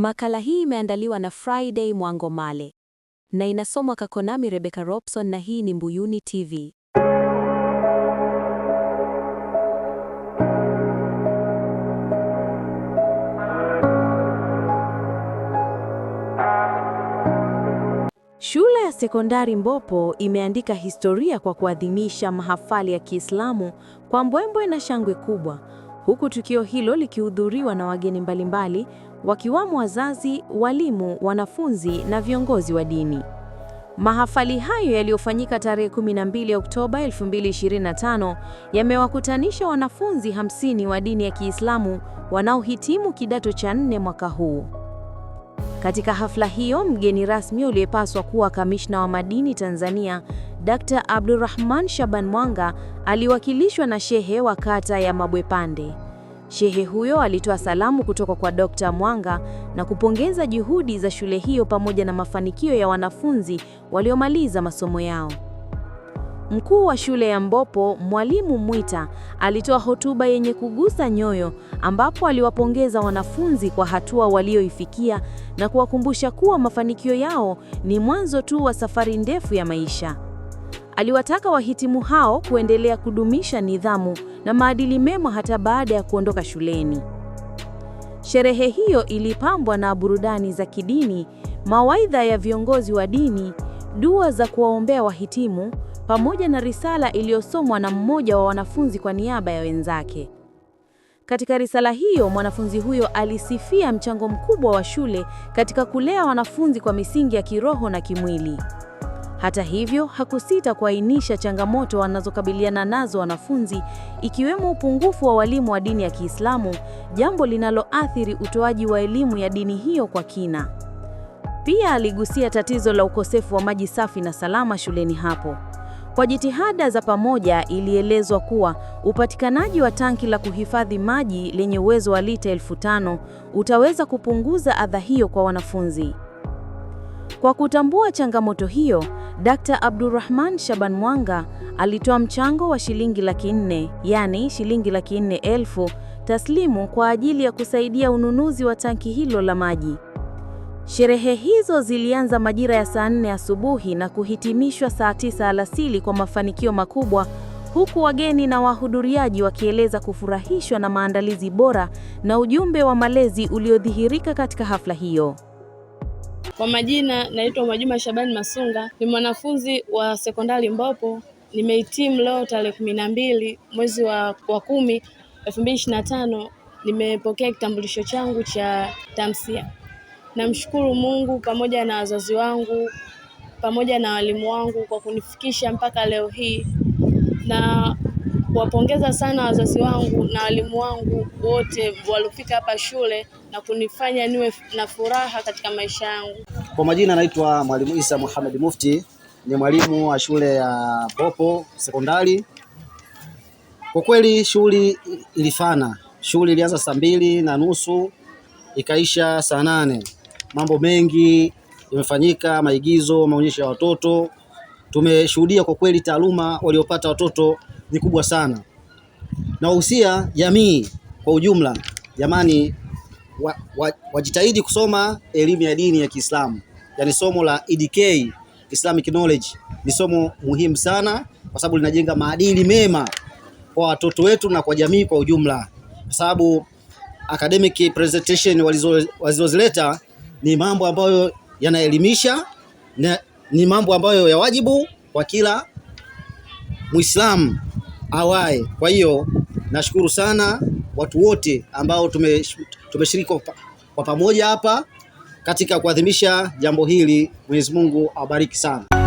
Makala hii imeandaliwa na Friday Mwango Male na inasomwa Kakonami Rebecca Robson na hii ni Mbuyuni TV. Shule ya sekondari Mbopo imeandika historia kwa kuadhimisha mahafali ya Kiislamu kwa mbwembwe na shangwe kubwa, huku tukio hilo likihudhuriwa na wageni mbalimbali wakiwamo wazazi, walimu, wanafunzi na viongozi wa dini. Mahafali hayo yaliyofanyika tarehe 12 Oktoba 2025 yamewakutanisha wanafunzi 50 wa dini ya Kiislamu wanaohitimu kidato cha nne mwaka huu. Katika hafla hiyo, mgeni rasmi uliyepaswa kuwa kamishna wa madini Tanzania, Dr. Abdulrahman Shaban Mwanga aliwakilishwa na shehe wa kata ya Mabwepande. Shehe huyo alitoa salamu kutoka kwa Dr. Mwanga na kupongeza juhudi za shule hiyo pamoja na mafanikio ya wanafunzi waliomaliza masomo yao. Mkuu wa shule ya Mbopo, Mwalimu Mwita, alitoa hotuba yenye kugusa nyoyo ambapo aliwapongeza wanafunzi kwa hatua walioifikia na kuwakumbusha kuwa mafanikio yao ni mwanzo tu wa safari ndefu ya maisha. Aliwataka wahitimu hao kuendelea kudumisha nidhamu, na maadili mema hata baada ya kuondoka shuleni. Sherehe hiyo ilipambwa na burudani za kidini, mawaidha ya viongozi wa dini, dua za kuwaombea wahitimu, pamoja na risala iliyosomwa na mmoja wa wanafunzi kwa niaba ya wenzake. Katika risala hiyo, mwanafunzi huyo alisifia mchango mkubwa wa shule katika kulea wanafunzi kwa misingi ya kiroho na kimwili. Hata hivyo, hakusita kuainisha changamoto wanazokabiliana nazo wanafunzi, ikiwemo upungufu wa walimu wa dini ya Kiislamu, jambo linaloathiri utoaji wa elimu ya dini hiyo kwa kina. Pia aligusia tatizo la ukosefu wa maji safi na salama shuleni hapo. Kwa jitihada za pamoja, ilielezwa kuwa upatikanaji wa tanki la kuhifadhi maji lenye uwezo wa lita elfu tano utaweza kupunguza adha hiyo kwa wanafunzi. Kwa kutambua changamoto hiyo, Dkt. Abdulrahman Shaban Mwanga alitoa mchango wa shilingi laki nne, yaani shilingi laki nne elfu taslimu kwa ajili ya kusaidia ununuzi wa tanki hilo la maji. Sherehe hizo zilianza majira ya saa nne asubuhi na kuhitimishwa saa tisa alasili kwa mafanikio makubwa, huku wageni na wahudhuriaji wakieleza kufurahishwa na maandalizi bora na ujumbe wa malezi uliodhihirika katika hafla hiyo. Kwa majina naitwa Mwajuma Shabani Masunga, ni mwanafunzi wa sekondari Mbopo, nimehitimu leo tarehe kumi na mbili mwezi wa, wa kumi elfu mbili ishirini na tano. Nimepokea kitambulisho changu cha Tamsia. Namshukuru Mungu pamoja na wazazi wangu pamoja na walimu wangu kwa kunifikisha mpaka leo hii na kuwapongeza sana wazazi wangu na walimu wangu wote waliofika hapa shule na kunifanya niwe na furaha katika maisha yangu. Kwa majina naitwa Mwalimu Isa Muhammad Mufti, ni mwalimu wa shule ya popo Sekondari. Kwa kweli shughuli ilifana, shughuli ilianza saa mbili na nusu ikaisha saa nane. Mambo mengi yamefanyika, maigizo, maonyesho ya watoto. Tumeshuhudia kwa kweli taaluma waliopata watoto ni kubwa sana. Nawahusia jamii kwa ujumla, jamani, wajitahidi wa, wa kusoma elimu ya dini ya Kiislamu, yaani somo la EDK Islamic Knowledge ni somo muhimu sana, kwa sababu linajenga maadili mema kwa watoto wetu na kwa jamii kwa ujumla, kwa sababu academic presentation walizozileta ni mambo ambayo yanaelimisha na ni mambo ambayo ya wajibu kwa kila Muislamu awaye. Kwa hiyo nashukuru sana watu wote ambao tumeshiriki kwa pamoja hapa katika kuadhimisha jambo hili. Mwenyezi Mungu awabariki sana.